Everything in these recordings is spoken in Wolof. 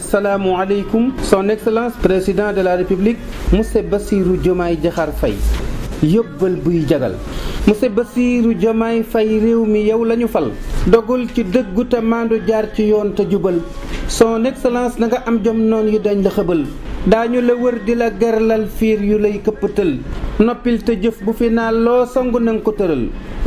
asalaamualeykum son excellence président de la république monsieur Bassirou Diomaye Diakhar Faye yóbbal buy jagal monsieur basiiru Diomaye fay réew mi yow lañu fal dogul ci dëggu te jaar ci yoon te jubal son excellence na nga am jom noon yu dañ la xëbal daañu la wër di la gerlal fiir yu lay këppatal noppil te jëf bu fi naa loo sangu nanga ko tëral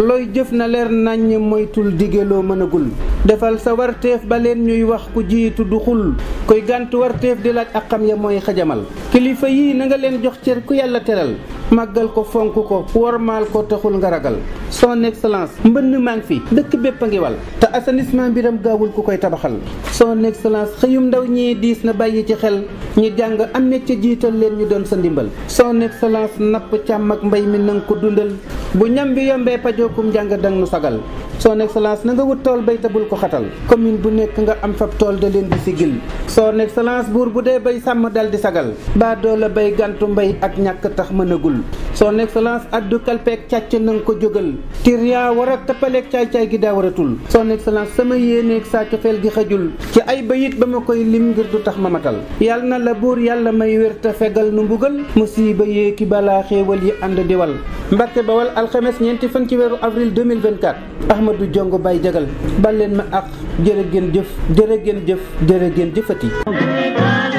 looy jëf na leer nàññ moytul digeloo mënagul defal sa warteef ba leen ñuy wax ku jiitu du xul koy gànt warteef di laaj ak xam ya mooy xajamal kilifa yii na nga leen jox cër ku yàlla teral màggal ko fonk ko wormaal ko taxul nga ragal son excellence mbënn maa ngi fi dëkk bépp a ngi wal te assainissement biram gaawul ku koy tabaxal son excellence xëyum ndaw ñi diis na bàyyi ci xel ñi jàng am ne jiital leen ñu doon sa ndimbal son excellence napp càmm ak mbay mi nanga ko dundal bu ñam bi yombee pajookum njàng dang nu sagal son excellence na nga wut tool bay te bul ko xatal commune bu nekk nga am fab tool da leen di sigil son excellence buur bu dee bay sàmm dal di sagal baadoo la bay gantu mbay ak ñàkk tax mënagul son excellence addu kalpeek càcc na nga ko jógal tir yaa war a tappaleeg caay-caay gi daa waratul son excellence sama yéeneeg saa cofeel gi xajul ci ay bayit ba ma koy lim ngir du tax ma matal yàlla na la buur yàlla may wér te fegal nu mbugal musiba yéeki balaa xéewal yi ànd diwal Mbàkke Bawal alxames ñeenti fan ci weeru avril 2024 Ahmadou Diongo Baye Diagal bal leen ma ak jërë ngeen jëf jërë ngeen jëf jërë ngeen jëfati